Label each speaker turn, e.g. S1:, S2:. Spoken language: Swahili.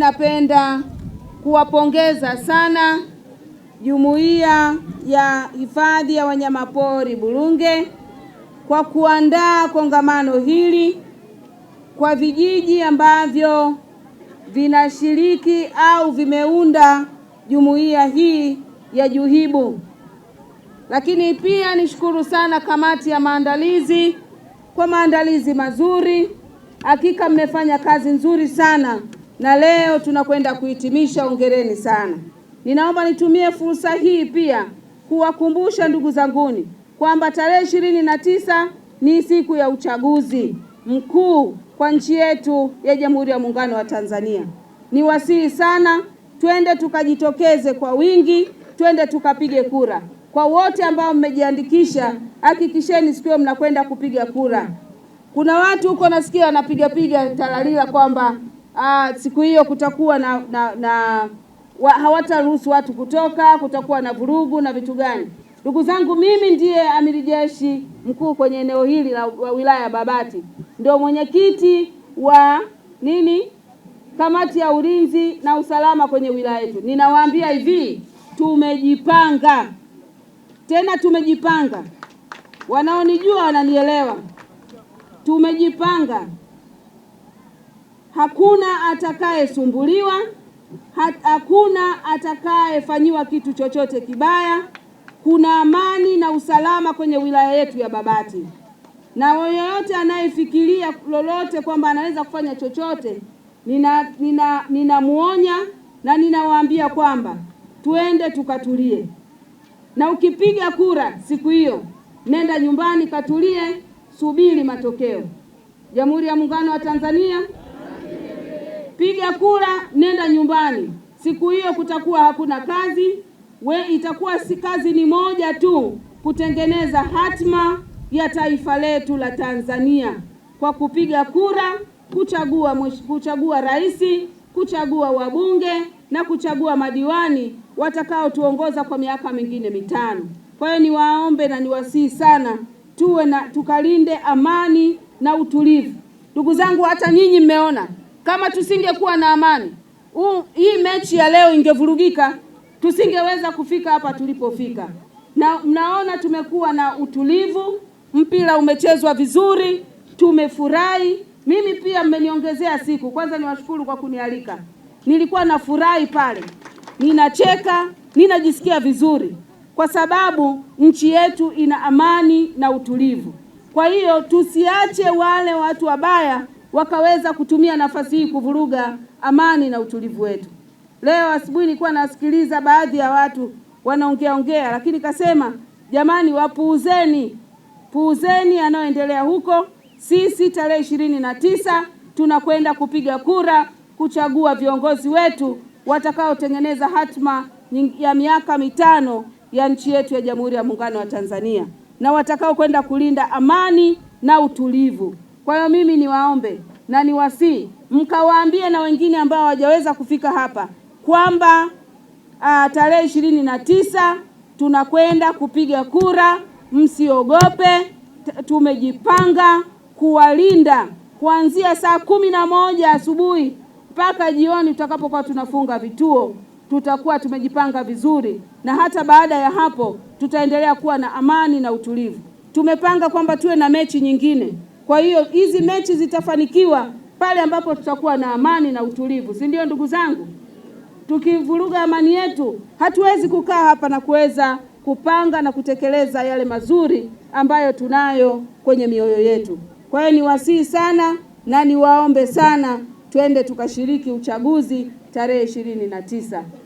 S1: Napenda kuwapongeza sana Jumuiya ya Hifadhi ya Wanyamapori Burunge kwa kuandaa kongamano hili kwa vijiji ambavyo vinashiriki au vimeunda jumuiya hii ya JUHIBU. Lakini pia nishukuru sana kamati ya maandalizi kwa maandalizi mazuri. Hakika mmefanya kazi nzuri sana na leo tunakwenda kuhitimisha. Hongereni sana. Ninaomba nitumie fursa hii pia kuwakumbusha ndugu zanguni kwamba tarehe ishirini na tisa ni siku ya uchaguzi mkuu kwa nchi yetu ya Jamhuri ya Muungano wa Tanzania. Ni wasihi sana, twende tukajitokeze kwa wingi, twende tukapige kura. Kwa wote ambao mmejiandikisha, hakikisheni siku hiyo mnakwenda kupiga kura. Kuna watu huko nasikia wanapigapiga talalila kwamba uh, siku hiyo kutakuwa na, na, na wa, hawataruhusu watu kutoka, kutakuwa na vurugu na vitu gani? Ndugu zangu, mimi ndiye amiri jeshi mkuu kwenye eneo hili la wilaya ya Babati, ndio mwenyekiti wa nini, kamati ya ulinzi na usalama kwenye wilaya yetu. Ninawaambia hivi, tumejipanga tena, tumejipanga. Wanaonijua wananielewa, tumejipanga hakuna atakayesumbuliwa, hakuna atakayefanyiwa kitu chochote kibaya. Kuna amani na usalama kwenye wilaya yetu ya Babati, na yoyote anayefikiria lolote kwamba anaweza kufanya chochote, nina nina na ninawaambia kwamba tuende tukatulie, na ukipiga kura siku hiyo, nenda nyumbani, katulie, subiri matokeo. Jamhuri ya Muungano wa Tanzania. Piga kura, nenda nyumbani. Siku hiyo kutakuwa hakuna kazi, we itakuwa si kazi, ni moja tu, kutengeneza hatima ya taifa letu la Tanzania kwa kupiga kura, kuchagua kuchagua rais, kuchagua wabunge na kuchagua madiwani watakaotuongoza kwa miaka mingine mitano. Kwa hiyo niwaombe na niwasihi sana tuwe na tukalinde amani na utulivu. Ndugu zangu, hata nyinyi mmeona kama tusingekuwa na amani, hii mechi ya leo ingevurugika, tusingeweza kufika hapa tulipofika. Na mnaona tumekuwa na utulivu, mpira umechezwa vizuri, tumefurahi. Mimi pia mmeniongezea siku. Kwanza niwashukuru kwa kunialika, nilikuwa na furahi pale, ninacheka, ninajisikia vizuri kwa sababu nchi yetu ina amani na utulivu. Kwa hiyo tusiache wale watu wabaya wakaweza kutumia nafasi hii kuvuruga amani na utulivu wetu. Leo asubuhi nilikuwa nasikiliza baadhi ya watu wanaongea ongea, lakini kasema jamani, wapuuzeni, puuzeni anayoendelea huko. Sisi tarehe ishirini na tisa tunakwenda kupiga kura kuchagua viongozi wetu watakaotengeneza hatma ya miaka mitano ya nchi yetu ya Jamhuri ya Muungano wa Tanzania na watakao kwenda kulinda amani na utulivu. Kwa hiyo mimi niwaombe na niwasii mkawaambie na wengine ambao hawajaweza kufika hapa kwamba ah, tarehe ishirini na tisa tunakwenda kupiga kura, msiogope, tumejipanga kuwalinda kuanzia saa kumi na moja asubuhi mpaka jioni tutakapokuwa tunafunga vituo, tutakuwa tumejipanga vizuri, na hata baada ya hapo tutaendelea kuwa na amani na utulivu. Tumepanga kwamba tuwe na mechi nyingine kwa hiyo hizi mechi zitafanikiwa pale ambapo tutakuwa na amani na utulivu, si ndio ndugu zangu? Tukivuruga amani yetu, hatuwezi kukaa hapa na kuweza kupanga na kutekeleza yale mazuri ambayo tunayo kwenye mioyo yetu. Kwa hiyo niwasihi sana na niwaombe sana, twende tukashiriki uchaguzi tarehe ishirini na tisa.